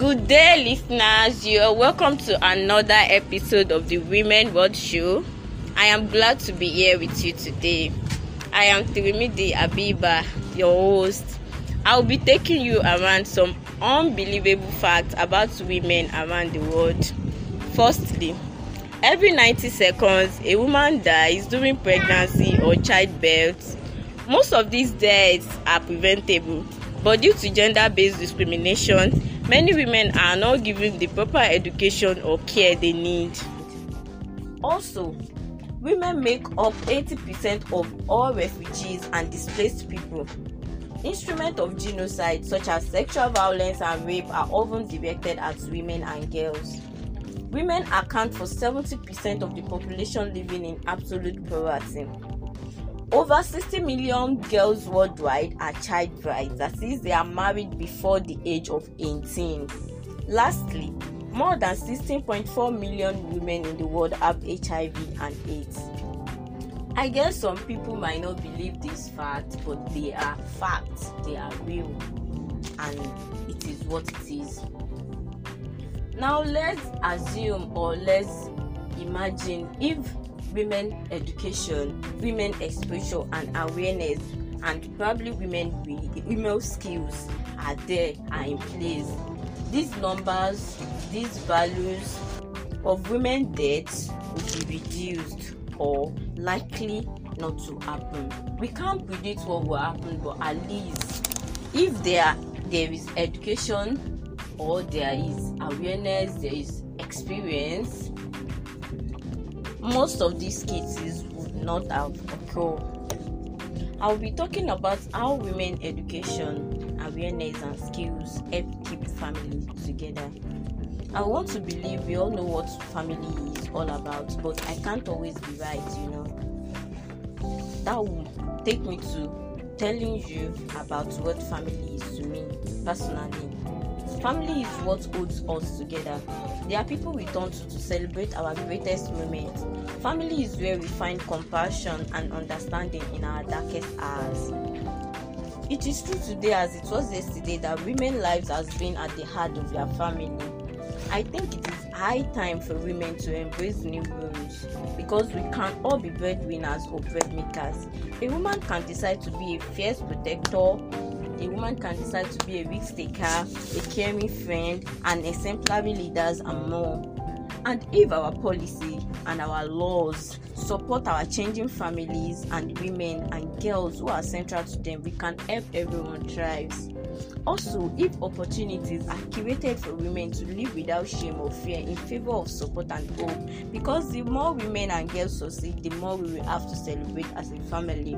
Good day, listeners. You are welcome to another episode of the Women World Show. I am glad to be here with you today. I am Tirimidi Abiba, your host. I'll be taking you around some unbelievable facts about women around the world. Firstly, every 90 seconds, a woman dies during pregnancy or childbirth. Most of these deaths are preventable But due to gender based discrimination, many women are not given the proper education or care they need. Also, women make up 80% of all refugees and displaced people. Instruments of genocide such as sexual violence and rape are often directed at women and girls. Women account for 70% of the population living in absolute poverty. Over 60 million girls worldwide are child brides, that is, they are married before the age of 18. Lastly, more than 16.4 million women in the world have HIV and AIDS. I guess some people might not believe this fact, but they are facts, they are real, and it is what it is. Now, let's assume or let's imagine if women education, women exposure and awareness, and probably women female skills are there are in place. These numbers, these values of women deaths would be reduced or likely not to happen. We can't predict what will happen, but at least if there there is education or there is awareness, there is experience, most of these cases would not have occurred. I'll be talking about how women education, awareness, and skills help keep families together. I want to believe we all know what family is all about, but I can't always be right, you know. That will take me to telling you about what family is to me personally. Family is what holds us together. They are people we turn to to celebrate our greatest moments. Family is where we find compassion and understanding in our darkest hours. It is true today as it was yesterday that women's lives has been at the heart of their family. I think it is high time for women to embrace new roles because we can all be breadwinners or breadmakers. A woman can decide to be a fierce protector, a woman can decide to be a risk taker, a caring friend, an exemplary leader, and more. And if our policy and our laws support our changing families and women and girls who are central to them, we can help everyone thrive. Also, if opportunities are curated for women to live without shame or fear in favor of support and hope, because the more women and girls succeed, the more we will have to celebrate as a family.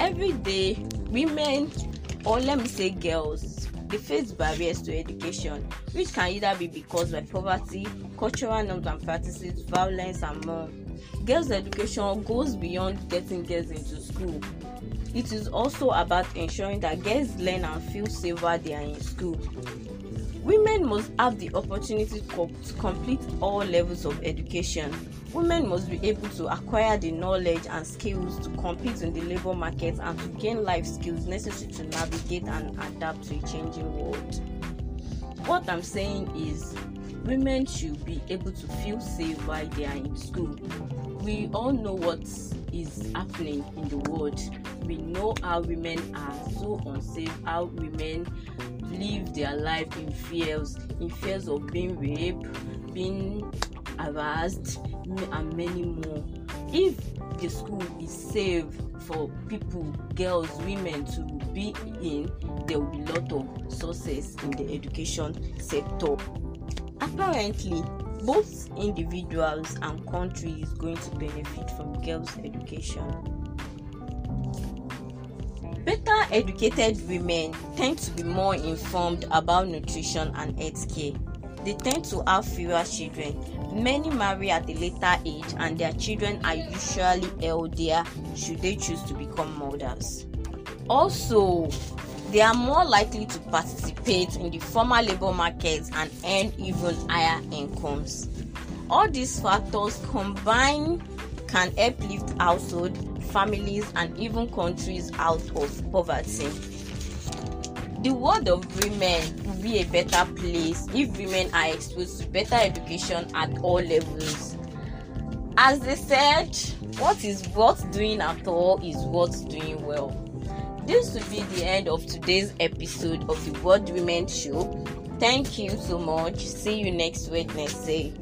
Every day, women or let me say girls they face barriers to education which can either be because by poverty cultural norms and practices violence and more girls education goes beyond getting girls into school it is also about ensuring that girls learn and feel safer there in school Women must have the opportunity to complete all levels of education. Women must be able to acquire the knowledge and skills to compete in the labor market and to gain life skills necessary to navigate and adapt to a changing world. What I'm saying is, women should be able to feel safe while they are in school. We all know what is happening in the world. We know how women are so unsafe, how women live their life in fears, in fears of being raped, being harassed, and many more. If the school is safe for people, girls, women to be in, there will be a lot of success in the education sector. Apparently, both individuals and countries going to benefit from girls' education educated women tend to be more informed about nutrition and health care. They tend to have fewer children. Many marry at a later age, and their children are usually elder should they choose to become mothers. Also, they are more likely to participate in the formal labor markets and earn even higher incomes. All these factors combine can uplift households, families, and even countries out of poverty. The world of women will be a better place if women are exposed to better education at all levels. As they said, what is worth doing at all is worth doing well. This will be the end of today's episode of the World Women Show. Thank you so much. See you next Wednesday.